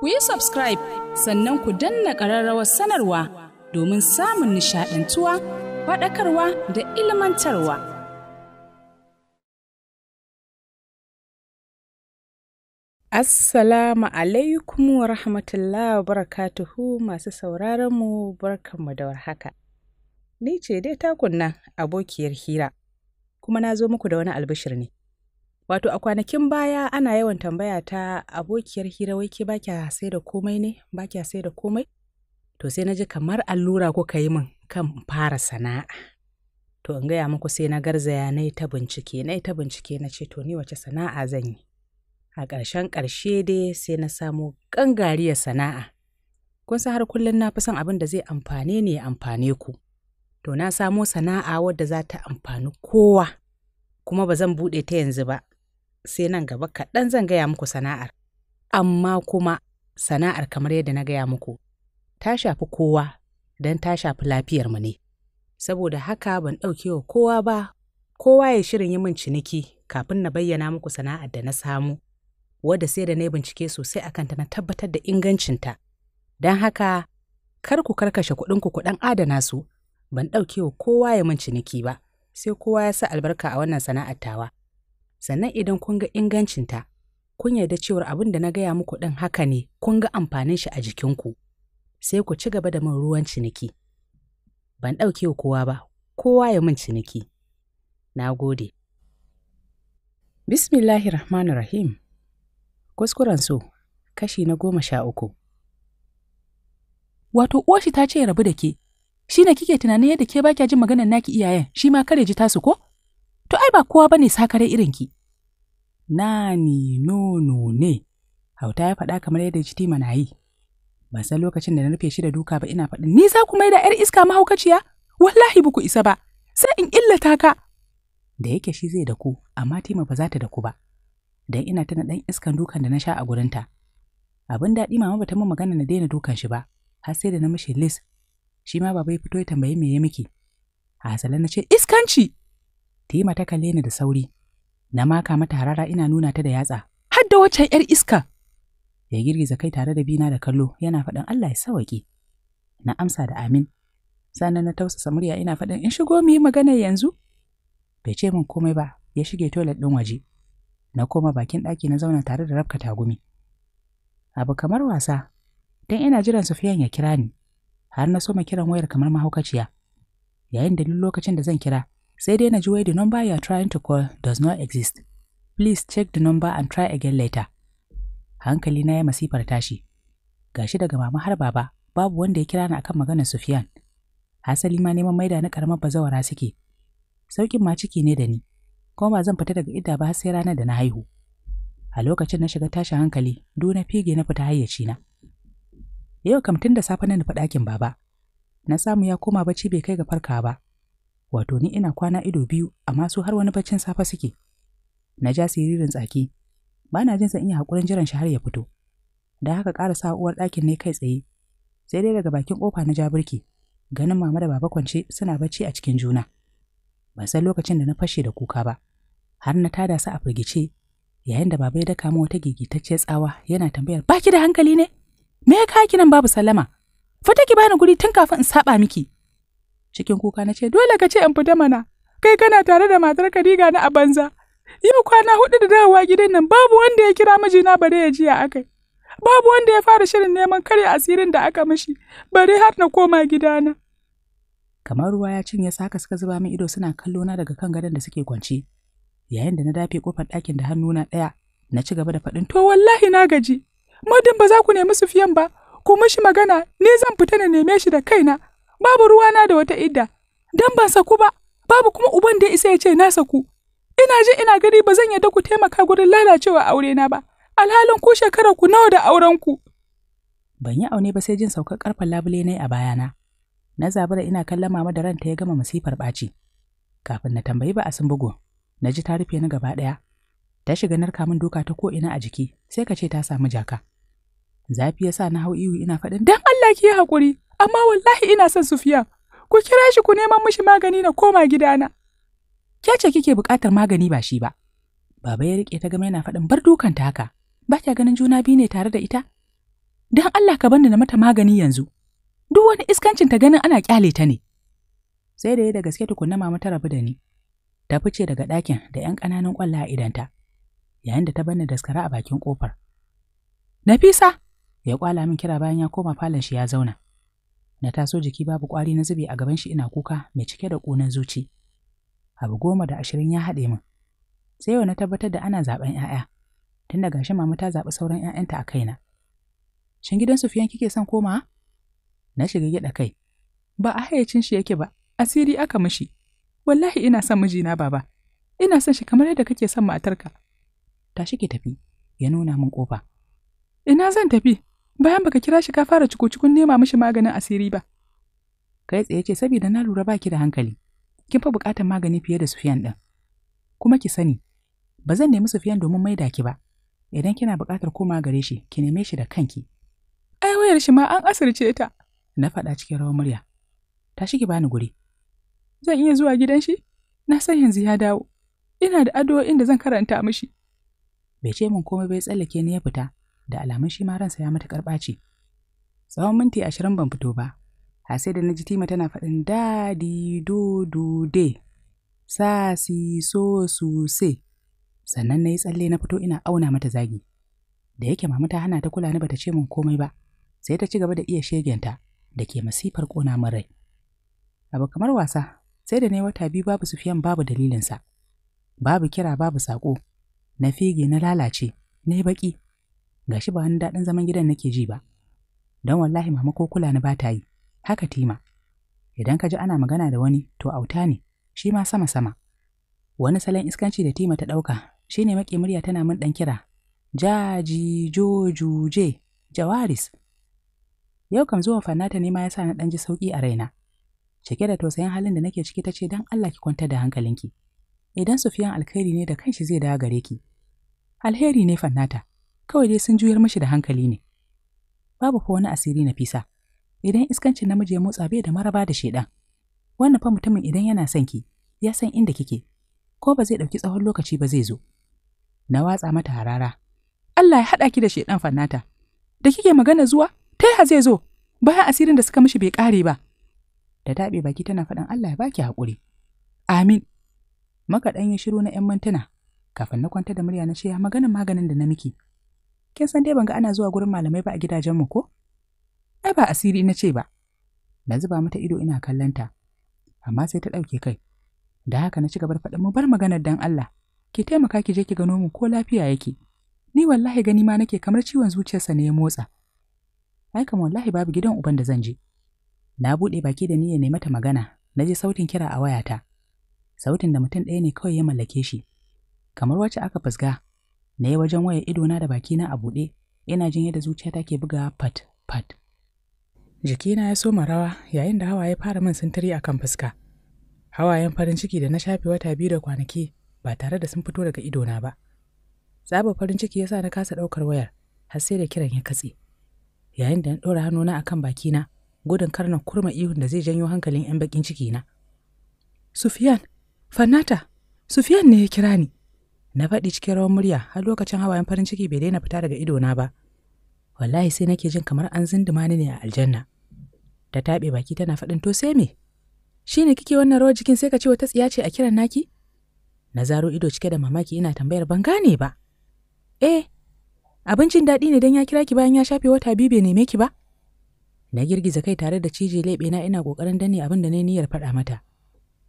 ku yi subscribe sannan ku danna ƙararrawar sanarwa domin samun nishaɗantuwa faɗakarwa da ilmantarwa. Assalamu alaikum wa rahmatullah wa barakatuhu masu sauraronmu barkanmu da warhaka. Ni ce dai takunna abokiyar hira, kuma na zo muku da wani albishir ne. Wato a kwanakin baya ana yawan tambaya ta abokiyar hira wai ke kya sai da komai ne kya sai da komai? To sai na ji kamar allura kuka yi min kan fara sana'a. To in gaya muku sai na garzaya na ta bincike na ta bincike na ce to ni wace sana'a zan yi. A ƙarshen ƙarshe dai sai na samo gangariyar sana'a. Kun san har kullum na fi son abin da zai amfane ne ya amfane ku. To na samo sana'a wadda za ta amfani kowa, kuma ba zan buɗe ta yanzu ba, sai nan gaba kaɗan zan gaya muku sana'ar. Amma kuma sana'ar kamar yadda na gaya muku, ta shafi kowa don ta shafi lafiyar mu ne. Saboda haka ban ɗauke wa kowa ba, kowa ya shirin yi min ciniki kafin na bayyana muku sana'ar da na samu, wadda sai da na yi bincike sosai akan ta na tabbatar da ingancinta. Don haka, kar ku karkashe kuɗinku ku ɗan adana su, ban ɗauke wa kowa ya min ciniki ba, sai kowa ya sa albarka a wannan sana'ar tawa. sannan idan kun ga ingancinta, kun yarda cewar abin da na gaya muku ɗin haka ne kun ga amfanin shi a jikinku, sai ku ci gaba da min ruwan ciniki. Ban ɗauke wa kowa ba, kowa ya min ciniki. Na gode. Bismillahirrahmanirrahim. Kuskuren so, kashi na goma sha uku. Wato, uwashi ta ce rabu da ke, shi ne kike tunanin yadda ke ba jin maganar naki iyayen, shi ma kare ji tasu ko? To ai ba kowa bane sakare irinki. Nani nono ne, hauta ya faɗa kamar yadda jitima na yi. Ban san lokacin da na rufe shi da duka ba ina faɗin, ni za ku mai da ‘yar iska mahaukaciya? Wallahi buku isa ba, sai in illata ka. Da yake shi zai da amma Tima ba za ta da ba. Dan ina tana ɗan iskan dukan da na sha a gurinta. Abin daɗi mama ba ta min magana na daina dukan shi ba, har sai da na mishi lis. Shi ma baba ya fito ya tambayi me ya miki. A na ce, iskanci! Tima ta kalle ni da sauri. Na maka mata harara ina nuna ta da yatsa. Har da waccan 'yar iska! Ya girgiza kai tare da bina da kallo yana faɗin Allah ya sawaƙe. Na amsa da amin. Sannan na tausasa murya ina faɗin in shigo mu yi magana yanzu? Bai ce min komai ba, ya shige toilet ɗin waje. Na koma bakin ɗaki na zauna tare da rabka tagumi. Abu kamar wasa, don ina jiran Sufiyan ya kira ni, har na soma kiran wayar kamar mahaukaciya. Yayin da duk lokacin da zan kira, Sai dai na ji wai the number you are trying to call does not exist. Please check the number and try again later. Hankali na ya masifar tashi. Gashi daga mama har baba, babu wanda ya kira ni akan maganar Sufyan. Hasali ma neman maida na karamar bazawara suke. Saukin ma ciki ne da ni. Kuma ba zan fita daga idda ba har sai ranar da na haihu. A lokacin na shiga tashin hankali, du na fige na fita hayyaci na. Yau kam tun da safe na nufi ɗakin baba. Na samu ya koma bacci bai kai ga farka ba, wato ni ina kwana ido biyu amma su har wani baccin safe suke na ja siririn tsaki ba na jin zan iya hakurin jiran shi har ya fito da haka ƙara sa uwar ɗakin ne kai tsaye sai dai daga bakin ƙofa na ja birki ganin mama da baba kwance suna bacci a cikin juna ban san lokacin da na fashe da kuka ba har na tada su a firgice yayin da baba ya daka min wata gigitacciyar tsawa yana tambayar baki da hankali ne me ya kaki nan babu sallama fita ki bani guri tun kafin in saba miki Cikin kuka na ce, Dole ka ce in fita mana, kai kana tare da matar Kadiga na a banza. Yau kwana hudu da dawowa gidan nan babu wanda ya kira mijina bare ya jiya akai. Babu wanda ya fara shirin neman karya asirin da aka mishi, bare har na koma gidana. Kamar ruwa ya cinye saka suka zuba min ido suna kallo na daga kan gadon da suke kwance. Yayin da na dafe kofar ɗakin da hannu na ɗaya, na ci gaba da faɗin to wallahi na gaji. Muddin ba za ku nemi sufiyan ba, ku mishi magana, ni zan fita na neme shi da kaina. babu ruwa na da wata idda, dan ban saku ba, babu kuma uban da isa ya ce na saku. Ina ji ina gani ba zan yadda ku taimaka gurin lalacewa aure na ba, alhalin ku shekara ku nawa da auren ku. Ban yi aune ba sai jin saukar karfan labule na a bayana. Na zabura ina kallon mama da ranta ya gama masifar ɓaci. Kafin na tambayi ba a sun bugu, na ji ta rufe ni gaba ɗaya. Ta shiga narka min doka ta ko ina a jiki, sai ka ce ta samu jaka. Zafi ya sa na hau ihu ina faɗin, dan Allah ki yi haƙuri, amma wallahi ina son Sufiyan. Ku kira shi ku neman mishi magani na koma gidana. Ke kike buƙatar magani ba shi ba. Baba ya riƙe ta gama yana faɗin bar dukanta haka. Ba kya ganin juna biyu ne tare da ita? Don Allah ka bandana mata magani yanzu. Duk wani iskancin ta ganin ana ƙyale ta ne. Sai da ya da gaske tukunna mama ta rabu da ni. Ta fice daga ɗakin da ‘yan ƙananan ƙwalla a idan ta. yayin da ta bani daskara a bakin ƙofar. Nafisa, ya ƙwala min kira bayan ya koma falon shi ya zauna. Na taso jiki babu ƙwari na zube a gaban shi ina kuka mai cike da ƙunan zuci. Abu goma da ashirin ya haɗe min. Sai yau na tabbatar da ana zaɓen 'ya'ya. Tunda gashi mama ta zaɓi sauran 'ya'yanta a kaina. Shin gidan Sufiyan kike son komawa? Na shiga gida kai. Ba a hayyacin shi yake ba, asiri aka mishi. Wallahi ina son mijina baba. Ina son shi kamar yadda kake son matarka. Tashi ki tafi, ya nuna min kofa. Ina zan tafi? bayan baka kira shi ka fara cuku nema mishi maganin asiri ba. Kai tsaye ce saboda na lura baki da hankali, kin fa buƙatar magani fiye da Sufiyan ɗin. Kuma ki sani, ba zan nemi Sufiyan domin maida ki ba, idan kina buƙatar koma gare shi, ki neme shi da kanki. Ai wayar shi ma an asirce ta, na faɗa cikin rawar murya. Tashi ki bani guri. Zan iya zuwa gidan shi? Na san yanzu ya dawo. Ina da addu'o'in da zan karanta mishi. Bai ce min komai bai tsallake ni ya fita, da alamun shi ma ransa ya mata ɓaci. Tsawon minti ashirin ban fito ba, har sai da na ji Tima tana faɗin dadi do de, sa si so su se. Sannan na yi tsalle na fito ina auna mata zagi. Da yake mama ta hana ta kula ni bata ce min komai ba, sai ta ci gaba da iya shegenta da ke masifar ƙona min rai. Abu kamar wasa, sai da na yi wata biyu babu sufiyan babu dalilinsa. Babu kira babu saƙo, na fige na lalace, na yi baƙi, Ga shi ba wani daɗin zaman gidan nake ji ba don wallahi mama ko kula ni ba ta yi haka tima idan ka ji ana magana da wani to auta ne shi ma sama sama wani salon iskanci da tima ta ɗauka Shi maƙi murya tana min ɗan kira jaji jojuje jawaris yau kam zuwa fannata ne ma ya sa na ɗan ji sauƙi a raina cike da tausayin halin da nake ciki ta ce don Allah ki kwantar da hankalinki idan sufiyan alkhairi ne da kanshi zai dawo gare ki alheri ne fannata kawai dai sun juyar mashi da hankali ne. Babu fa wani asiri na fisa, idan iskancin namiji ya motsa bai da maraba da shedan. Wannan fa mutumin idan yana son ki, ya san inda kike, ko ba zai ɗauki tsawon lokaci ba zai zo. Na watsa mata harara. Allah ya haɗa ki da shedan fannata. Da kike magana zuwa, ta yaya zai zo, bayan asirin da suka mishi bai kare ba. Da taɓe baki tana faɗin Allah ya baki haƙuri. Amin. Maka ɗan ya shiru na ‘yan mintuna, kafin na kwanta da murya na ce maganin maganin da na miki. kin san dai ban ga ana zuwa gurin malamai ba a gidajenmu ko? Ai ba asiri na ce ba. Na zuba mata ido ina kallon ta amma sai ta ɗauke kai. Da haka na ci gaba da faɗin mu bar maganar dan Allah. Ki taimaka ki je ki gano mu ko lafiya yake. Ni wallahi gani ma nake kamar ciwon zuciyarsa ne ya motsa. Ai kam wallahi babu gidan uban da zan je. Na buɗe baki da niyyar ne mata magana, na ji sautin kira a wayata. Sautin da mutum ɗaya ne kawai ya mallake shi. Kamar wacce aka fusga, na yi wajen waya idona da bakina a buɗe ina jin yadda zuciyata ke bugawa pat-pat. jikina ya soma rawa yayin da hawaye fara min sintiri akan fuska hawayen farin ciki da na shafe wata biyu da kwanaki ba tare da sun fito daga idona ba Sabon farin ciki ya sa na kasa ɗaukar wayar har sai da kiran ya katse yayin da na ɗora hannuna akan bakina gudun karna kurma ihun da zai janyo hankalin 'yan bakin ciki na. Sufiyan, fannata Sufiyan ne ya kira ni. na faɗi cikin rawar murya har lokacin hawayen farin ciki bai daina fita daga idona ba wallahi sai nake jin kamar an zinduma ni ne a aljanna ta taɓe baki tana faɗin to sai me shi ne kike wannan rawar jikin sai ka ce wata tsiya ce a kiran naki na zaro ido cike da mamaki ina tambayar ban gane ba eh abincin daɗi ne don ya kira ki bayan ya shafe wata biyu bai neme ki ba na girgiza kai tare da cije leɓe na ina ƙoƙarin danne abin da na niyyar faɗa mata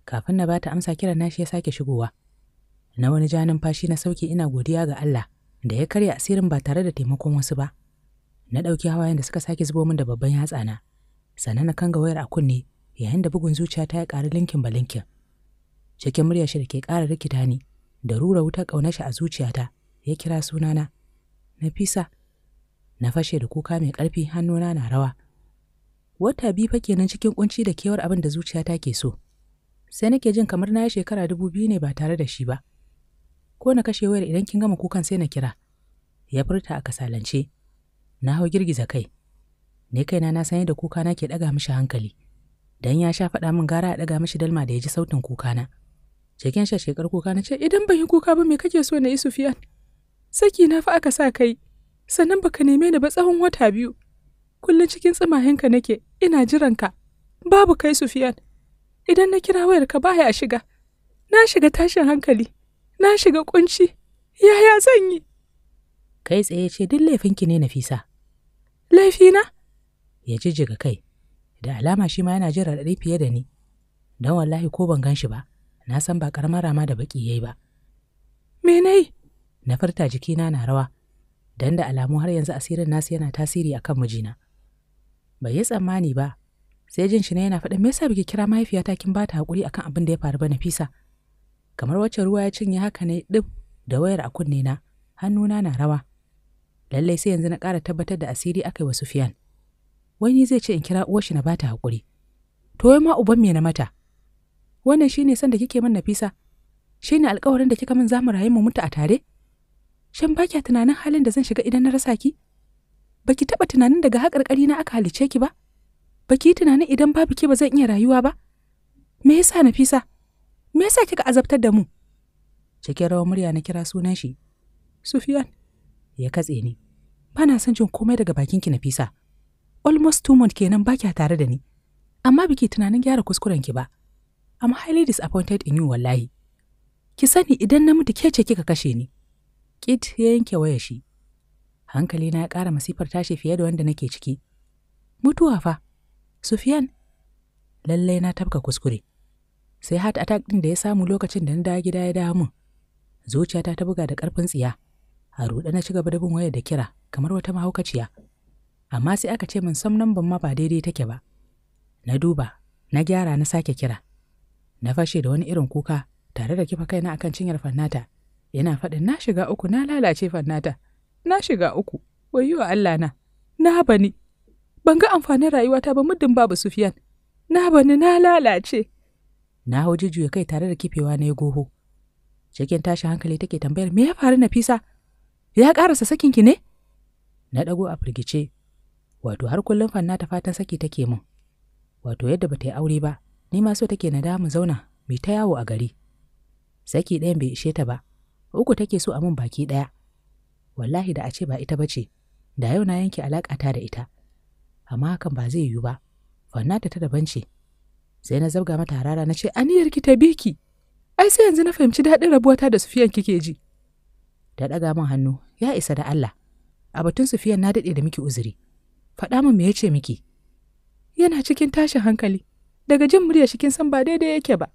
kafin na bata amsa kiran na shi ya sake shigowa na wani ja numfashi na sauke ina godiya ga Allah da ya karya asirin ba tare da taimakon wasu ba. Na ɗauki hawayen da suka sake zubo min da babban yatsana, sannan na kanga wayar a kunne yayin da bugun zuciya ta ya ƙari linkin ba linkin. Cikin murya shi da ke ƙara rikita ni, da rura wuta ƙaunashi shi a zuciyata, ya kira sunana. Nafisa, na fashe da kuka mai ƙarfi hannuna na rawa. Wata biyu fa kenan cikin ƙunci da kewar abin da zuciyata ke so. Sai nake jin kamar na yi shekara dubu biyu ne ba tare da shi ba. ko na kashe wayar idan kin gama kukan sai na kira. Ya furta a kasalance. Na hau girgiza kai. ne kaina na san yadda kukana ke ɗaga mishi hankali. Dan ya sha faɗa min gara a ɗaga mishi dalma da ya ji sautin kuka kukana. Cikin shashekar kuka na ce, Idan ban yi kuka ba me kake so na yi Sufiyan? Saki na fa aka sa kai, sannan baka neme ni ba tsawon wata biyu. Kullum cikin tsimahenka nake, ina jiran ka Babu kai Sufiyan. Idan na kira wayar ka baya shiga. Na shiga tashin hankali. na shiga kunci, yaya zan yi? Kai tsaye ce duk laifinki ne Nafisa. Laifi na? Ya jijjiga kai, da alama shi ma yana jin raɗaɗi fiye da ni, don wallahi ko ban gan shi ba, na san ba ƙaramar rama da baki ya yi ba. Me na yi? Na furta jikina na rawa, don da alamu har yanzu asirin nasu yana tasiri akan mijina. Bai yi tsammani ba, sai jin shi ne yana faɗin me yasa biki kira mahaifiyata kin ba ta haƙuri akan abin da ya faru ba Nafisa? kamar wacce ruwa ya cinye haka ne ɗib da wayar a kunne na hannuna na rawa lallai sai yanzu na ƙara tabbatar da asiri aka yi wa sufiyan wani zai ce in kira shi na bata haƙuri to ma uban me na mata wannan shine san da kike min nafisa shine alƙawarin da kika min za mu rayu mu mutu a tare shan ba kya tunanin halin da zan shiga idan na rasa ki baki ki taɓa tunanin daga haƙarƙari na aka halice ki ba ba tunanin idan babu ki ba zan iya rayuwa ba me yasa nafisa Me yasa kika azabtar da mu? Cikin rawar murya na kira sunan shi. Sufiyan. Ya katse ni. Ba na son jin komai daga bakinki na fisa. Almost two months kenan ba kya tare da ni. Amma biki tunanin gyara kuskurenki ba. I'm highly disappointed in you wallahi. Ki sani idan na mutu kece kika kashe ni. Kit ya yanke waya shi. Hankali na ya ƙara masifar tashi fiye da wanda nake ciki. Mutuwa fa. Sufiyan. Lallai na tafka kuskure. sai heart attack din da ya samu lokacin da na dawo gida ya dawo mun zuciyata ta buga da ƙarfin tsiya a ruɗe na ci gaba da bin wayar da kira kamar wata mahaukaciya amma sai aka ce min sam nan ma ba daidai take ba na duba na gyara na sake kira na fashe da wani irin kuka tare da kifa kaina akan cinyar fannata yana faɗin na shiga uku na lalace fannata na shiga uku wayyo Allah na na bani ban ga amfanin rayuwata ba muddin babu Sufiyan na bani na lalace Na hau jujjuya kai tare da kifewa na ya goho. Cikin tashin hankali take tambayar me ya faru na fisa. Ya ƙarasa sakinki ne? Na ɗago a firgice. Wato har kullum fanna ta fatan saki take min. Wato yadda ba ta yi aure ba, ni ma so take na da zauna mai ta yawo a gari. Saki ɗayan bai ishe ta ba, uku take so a min baki ɗaya. Wallahi da a ce ba ita ba ce, da yau na yanke ta da ita. Amma hakan ba zai yiwu ba, fanna ta ta daban ce. sai na zabga mata harara na ce aniyar ki ta biki ai sai yanzu na fahimci daɗin rabuwata da sufiyan kike ji ta ɗaga min hannu ya isa da Allah a batun sufiyan na daɗe da miki uzuri faɗa min me ya ce miki yana cikin tashin hankali daga jin murya shi kin san ba daidai yake ba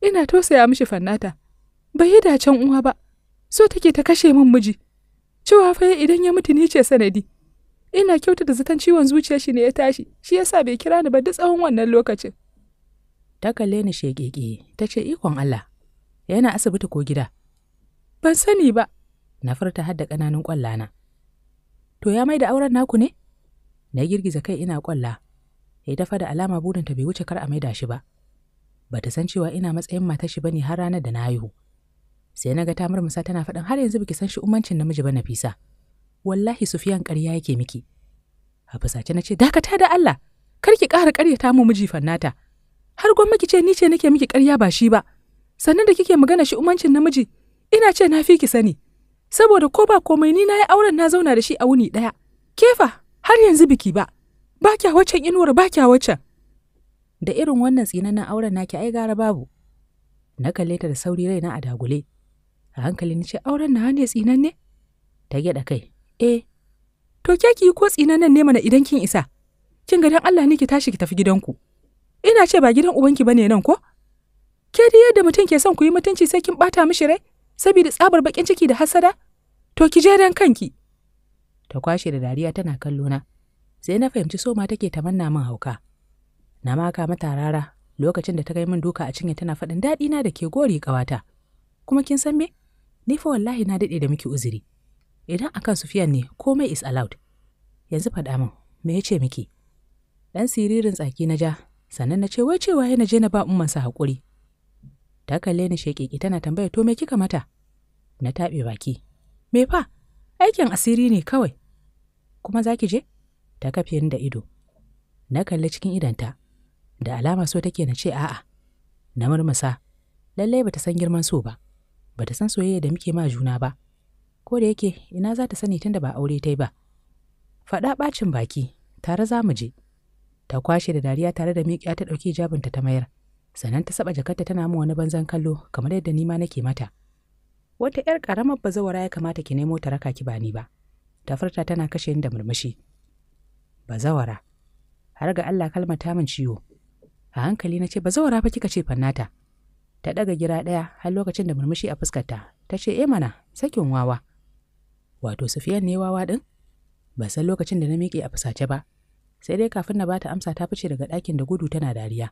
ina tausaya mishi fannata bai yi dacen uwa ba so take ta kashe min miji cewa fa idan ya mutu ni ce sanadi ina kyautata zaton ciwon zuciya shi ne ya tashi shi yasa bai kira ni ba duk tsawon wannan lokacin ta kalle ni shegege ta ce ikon Allah yana asibiti ko gida ban sani ba na furta hadda ƙananun ƙwallana to ya mai da auren naku ne na girgiza kai ina ƙwalla ya dafa da alama burin ta bai wuce kar a maida shi ba ba ta san cewa ina matsayin matar shi bane har ranar da na haihu sai na ga ta murmusa tana faɗin har yanzu biki san shi umancin namiji ba na Nafisa wallahi Sufiyan ƙarya yake miki a fusace na ce dakata da Allah kar ki ƙara ƙaryata mu miji fannata har gwamnati ce ni ce nake miki ƙarya ba shi ba sannan da kike magana shi umancin namiji ina ce na fi ki sani saboda ko ba komai ni na yi auren na zauna da shi a wuni ɗaya kefa har yanzu biki ba ba kya waccan inuwar ba kya waccan da irin wannan tsinannen auren naki ai gara babu na kalle ta da sauri raina a dagule a hankali ni ce auren na ne tsinanne ta gyaɗa kai eh to ke ki ko nan ne mana idan kin isa kin ga dan Allah ne ki tashi ki tafi gidanku ina ce ba gidan ubanki bane nan ko ke dai yadda mutum ke son ku yi mutunci sai kin bata mishi rai saboda tsabar bakin ciki da hasada to ki je dan kanki ta kwashe da dariya tana kallo na sai na fahimci soma take tamanna min hauka na maka mata rara lokacin da ta kai min duka a cinye tana faɗin daɗi na da ke gori kawata. kuma kin san me ni fa wallahi na daɗe da miki uzuri idan akan sufiyan ne komai is allowed yanzu faɗa min me ya ce miki dan siririn tsaki na ja sannan na ce wai cewa yana je na ba ummansa haƙuri ta kalle ni sheƙiƙi tana tambaya to me kika mata na taɓe baki me fa aikin asiri ne kawai kuma za ki je ta kafe ni da ido na kalli cikin idanta da alama so take na ce a'a na murmusa lallai bata san girman so ba bata san soyayya da muke ma juna ba ko da yake ina za ta sani da ba aure ta yi ba faɗa ɓacin baki tare za mu je ta kwashe da dariya tare da miƙiya ta ɗauki jabinta ta mayar sannan ta saba jakarta tana mu wani banzan kallo kamar yadda nima nake mata wata 'yar ƙaramar bazawara ya kamata ki nemo ta raka ki ba ni ba ta furta tana kashe ni da murmushi bazawara har ga Allah kalmar ta min ciwo a hankali na ce bazawara fa kika ce fannata ta ɗaga gira ɗaya har lokacin da murmushi a fuskarta ta ce eh mana sakin wawa wato sufiyan ne wawa ɗin ba san lokacin da na miƙe a fusace ba sai dai kafin na ba ta amsa ta fice daga ɗakin da gudu tana dariya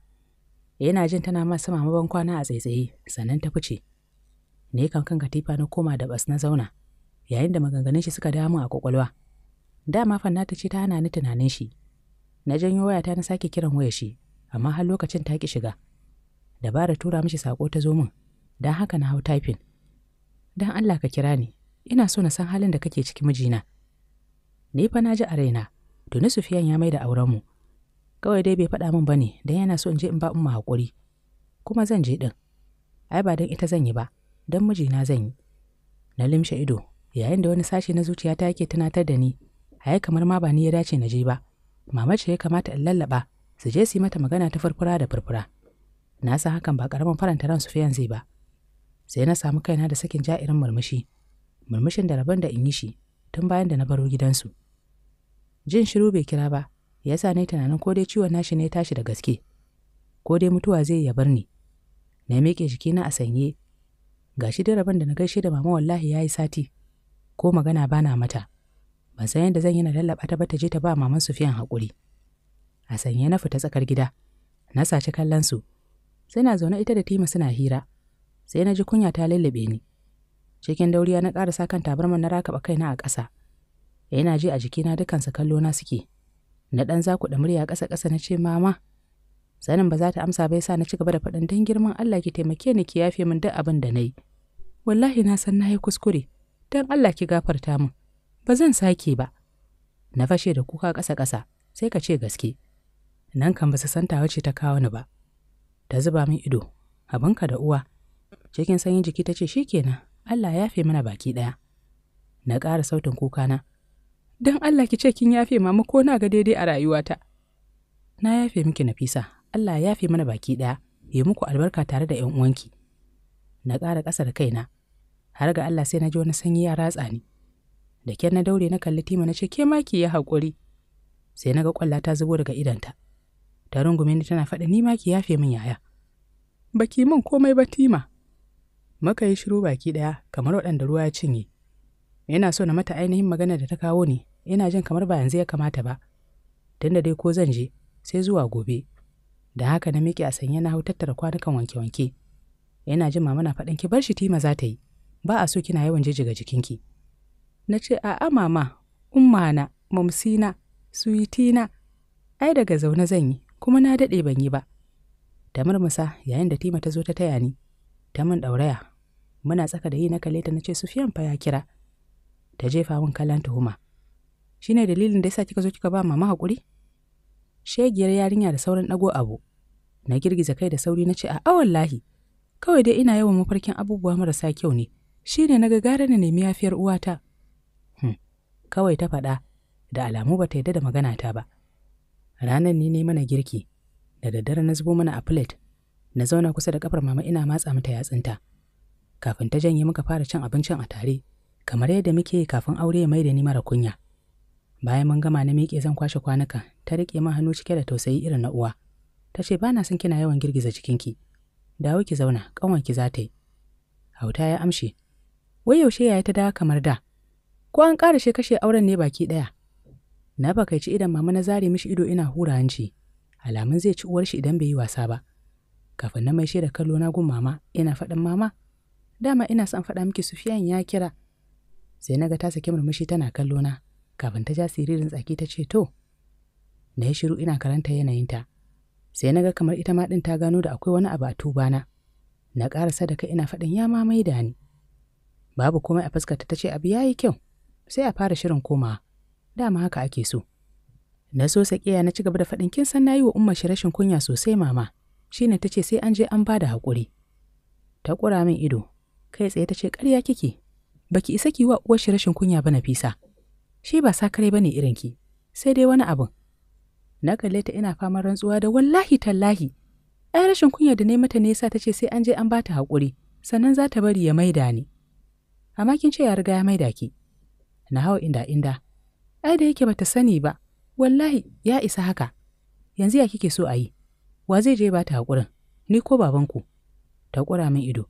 yana jin tana ma sama maban kwana a tsaitsaye sannan ta fice ne kan kan katifa na koma da bas na zauna yayin da maganganun shi suka damu a kwakwalwa dama fanna ta ce ta hana ni tunanin shi na janyo waya ta na sake kiran wayar shi amma har lokacin ta ki shiga dabara tura mishi sako ta zo min don haka na hau taifin. don Allah ka kira ni ina so na san halin da kake ciki mijina ni fa na ji a raina tuni Sufiyan ya mai da auren mu Kawai dai bai faɗa min ba ne don yana so in je in ba umma haƙuri. Kuma zan je ɗin. Ai ba don ita zan yi ba, don mijina zan yi. Na limshe ido, yayin da wani sashe na zuciya ta yake tunatar da ni, ai kamar ma ba ni ya dace na je ba. Mama ya kamata in lallaɓa, su je su yi mata magana ta furfura da furfura. Na san hakan ba ƙaramin faranta ran Sufiyan zai ba. sai na samu kaina da sakin ja'irin murmushi murmushin da rabon da in yi shi tun bayan da na baro gidansu jin shiru bai kira ba ya sa yi tunanin ko dai ciwon nashi ne tashi da gaske ko dai mutuwa zai ya bar ni na miƙe jikina a sanye gashi dai rabin da na gaishe da mama wallahi ya yi sati ko magana bana mata ban san yadda zan yi na lallaɓa ta ba ta je ta ba maman Sufiyan haƙuri a sanye na fita tsakar gida na saci kallon su sai na zaune ita da Tima suna hira sai na ji kunya ta lallabe ni cikin dauriya na ƙarasa kan tabarman na rakaɓa kaina a ƙasa yana ji a jikina kallo kallona suke na ɗan zakuɗa murya ƙasa ƙasa na ce mama sanin ba za ta amsa ba yasa na ci gaba da faɗin dan girman Allah ki taimake ni ki yafe min duk abin da nayi wallahi na san na yi kuskure dan Allah ki gafarta min ba zan sake ba na fashe da kuka ƙasa ƙasa sai ka ce gaske nan kan ba su san ta ce ta kawo ni ba ta zuba min ido abinka da uwa cikin sanyin jiki ta ce shikenan Allah ya yafe mana baki ɗaya na ƙara sautin kukana don Allah ki ce kin yafe mama ko na ga daidai a rayuwata. Na yafe miki Nafisa, Allah ya yafe mana baki ɗaya, ya muku albarka tare da 'yan uwanki. Na ƙara ƙasa da kaina, har ga Allah sai na ji wani sanyi ya ratsa ni. Da kyan na daure na kalli Tima na ce ke ma ki ya haƙuri. Sai na ga ƙwalla ta zubo daga idanta. Ta rungume ni tana faɗa ni ma ki yafe min yaya. Baki min komai ba Tima. Muka yi shiru baki ɗaya kamar waɗanda ruwa ya cinye. yana so na mata ainihin magana da ta kawo ne yana jin kamar ba yanzu ya kamata ba da dai ko zan je sai zuwa gobe da haka na miƙe a sanye na hau tattara kwanukan wanke-wanke yana jin mama na faɗin ki bar shi tima za ta yi ba a so kina yawan jijjiga jikinki na ce a'a mama ummana mamsina suyitina ai daga zaune zan yi kuma na daɗe ban yi ba ta murmusa yayin da tima ta zo ta taya ni ta min ɗauraya muna tsaka da yi na kale ta na ce sufiyan fa ya kira ta jefa min kallon tuhuma shi ne dalilin da yasa kika zo kika ba mama haƙuri shegiyar yarinya da sauran ɗago abu na girgiza kai da sauri na ce a wallahi kawai dai ina yawan mafarkin abubuwa marasa kyau ne shi ne na gagara na nemi yafiyar uwata hmm. kawai ta faɗa da alamu ba ta yadda da magana ta ba ranar ni ne mana girki da daddare na zubo mana a filet na zauna kusa da kafar mama ina matsa mata yatsunta kafin ta janye muka fara cin abincin a tare kamar yadda muke kafin aure ya mai da ni mara kunya bayan mun gama na miƙe zan kwashe kwanuka ta riƙe min hannu cike da tausayi irin na uwa ta ce ba son kina yawan girgiza jikinki dawo ki zauna ƙanwanki za ta yi hauta ya amshe wai yaushe yaya ta dawo kamar da ko an ƙara ƙarashe kashe auren ne baki ɗaya na bakaici idan mama na zare mishi ido ina hura hanci alamun zai ci uwar shi idan bai yi wasa ba kafin na maishe da kallo na gun mama ina faɗin mama dama ina son faɗa miki sufiyan ya kira sai naga ga ta saki murmushi tana kallo na kafin ta ja siririn tsaki ta ce to na yi shiru ina karanta yanayinta sai naga kamar ita ma ɗin ta gano da akwai wani abu a tuba na ƙara da kai ina faɗin ya ma mai da ni babu komai a fuskarta ta ce abu ya yi kyau sai a fara shirin komawa dama haka ake so na so sakiya na ci gaba da faɗin kin san na yi wa umma shi rashin kunya sosai mama shine ta ce sai an je an ba da haƙuri ta ƙura min ido kai tsaye ta ce ƙarya kike baki isa ki wa uwar shi rashin kunya ba Nafisa. Shi ba sakare bane irin ki, sai dai wani abin. Na kalle ta ina faman rantsuwa da wallahi tallahi. Ai rashin kunya da ne mata ne yasa tace sai an je an bata hakuri, sannan za ta bari ya maida ni. Amma kin ce ya riga ya maida ki. Na hawo inda inda. Ai da yake bata sani ba, wallahi ya isa haka. Yanzu ya kike so a yi? Wa zai je bata hakurin? Ni ko babanku? Ta kura min ido.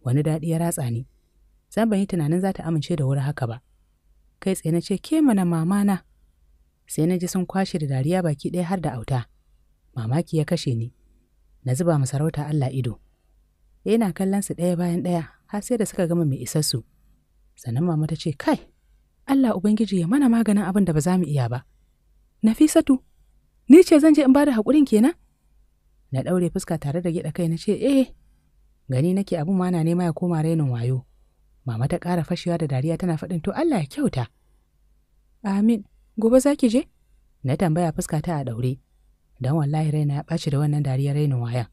Wani daɗi ya ratsa ni. zan ban yi tunanin za ta amince da wuri haka ba. Kai tsaye na ce, ke mana mama na. Sai na ji sun kwashe da dariya baki ɗaya har da auta. Mamaki ya kashe ni. Na zuba masarauta Allah ido. Yana kallon su ɗaya bayan ɗaya har sai da suka gama mai isassu. Sannan mama ta ce, kai, Allah Ubangiji ya mana maganin abin da ba za mu iya ba. Nafisatu, ni ce zan je in ba da haƙurin kenan? Na ɗaure fuska tare da gida kai na ce, eh, gani nake abin ma na nema ya koma rainin wayo. Mama ta ƙara fashewa da dariya tana faɗin to Allah ya kyauta. Amin, gobe za ki je? Na tambaya fuska ta a ɗaure. Don wallahi raina ya ɓaci da wannan dariya raina wayan.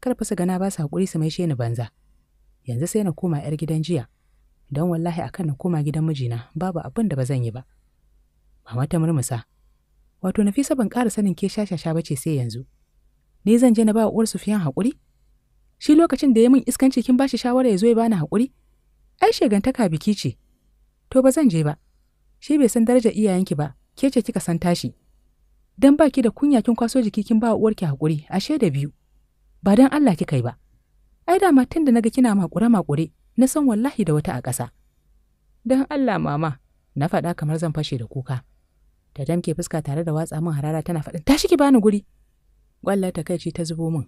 Kar fa su gana ba su haƙuri su maishe ni banza. Yanzu sai na koma 'yar gidan jiya. Don wallahi a kan na koma gidan mijina babu abin da ba zan yi ba. Mama ta murmusa. Wato Nafisa ban ƙara sanin ke shashasha ba ce sai yanzu. Ni zan je na ba uwar Sufiyan haƙuri? Shi lokacin da ya min iskanci kin shi shawara ya zo ya bani haƙuri? ai shegantaka biki ce to ba zan je ba shi bai san darajar iyayenki ba ke ce kika san tashi dan baki da kunya kin kwaso jiki kin ba uwarki hakuri ashe da biyu ba dan Allah kika yi ba ai da matan da naga kina makure makure na san wallahi da wata a ƙasa dan Allah mama na faɗa kamar zan fashe da kuka ta damke fuska tare da watsa min harara tana faɗin tashi ki bani guri gwallar ta kai ta zubo min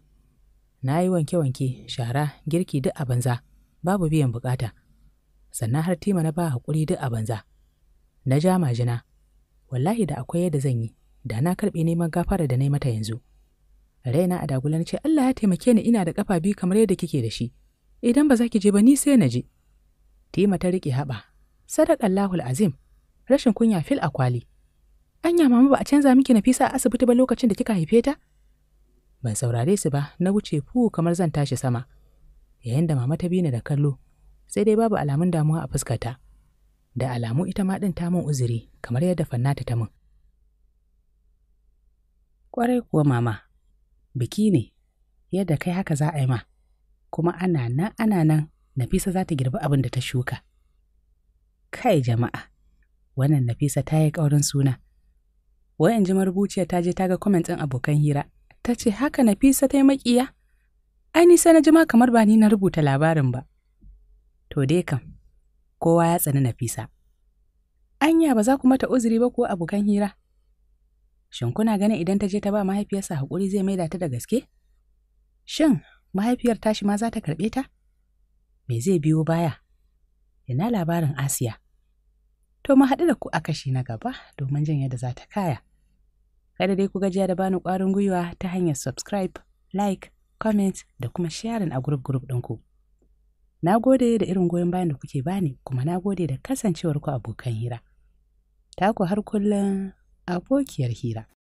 na yi wanke-wanke shara girki duk a banza babu biyan bukata sannan har tima na ba haƙuri duk a banza na ja majina wallahi da akwai yadda zan yi da na karɓe neman gafara da na yi mata yanzu raina a dagula ce Allah ya taimake ni ina da ƙafa biyu kamar yadda kike da shi idan ba za ki je ba ni sai na je tima ta riƙe haɓa Allahul azim rashin kunya fil akwali. anya mama ba a canza miki nafisa a asibiti ba lokacin da kika haife ta ban saurare su ba na wuce fu kamar zan tashi sama yayin da mama ta bi ni da kallo sai dai babu alamun damuwa a fuskata. Da alamu ita ma ɗin ta min uzuri kamar yadda fannata ta mun Ƙwarai kuwa mama, biki ne, yadda kai haka za a yi ma, kuma ana nan ana nan Nafisa za ta girbi abin da ta shuka. Kai jama'a, wannan Nafisa ta yi ƙaurin suna. Wayan ji marubuciya ta je ta ga comment ɗin abokan hira, ta ce haka Nafisa ta yi makiya? Ai nisa na jima kamar ba ni na rubuta labarin ba. To dai kam, kowa ya tsani Nafisa. Anya ba za ku mata uzuri ba ko abokan hira? Shin kuna ganin idan ta je ta ba mahaifiyarsa haƙuri zai maida ta da gaske? Shin mahaifiyar tashi ma za ta karɓe ta? Me zai biyo baya? Ina labarin Asiya. To mu haɗu da ku a kashi na gaba domin jin yadda za ta kaya. Kada dai ku gajiya da bani ƙwarin gwiwa ta hanyar subscribe, like, comment da kuma sharing a group group ɗinku. Na gode da irin goyon bayan da kuke bani kuma na gode da kasancewarku abokan hira. Taku har kullum abokiyar hira.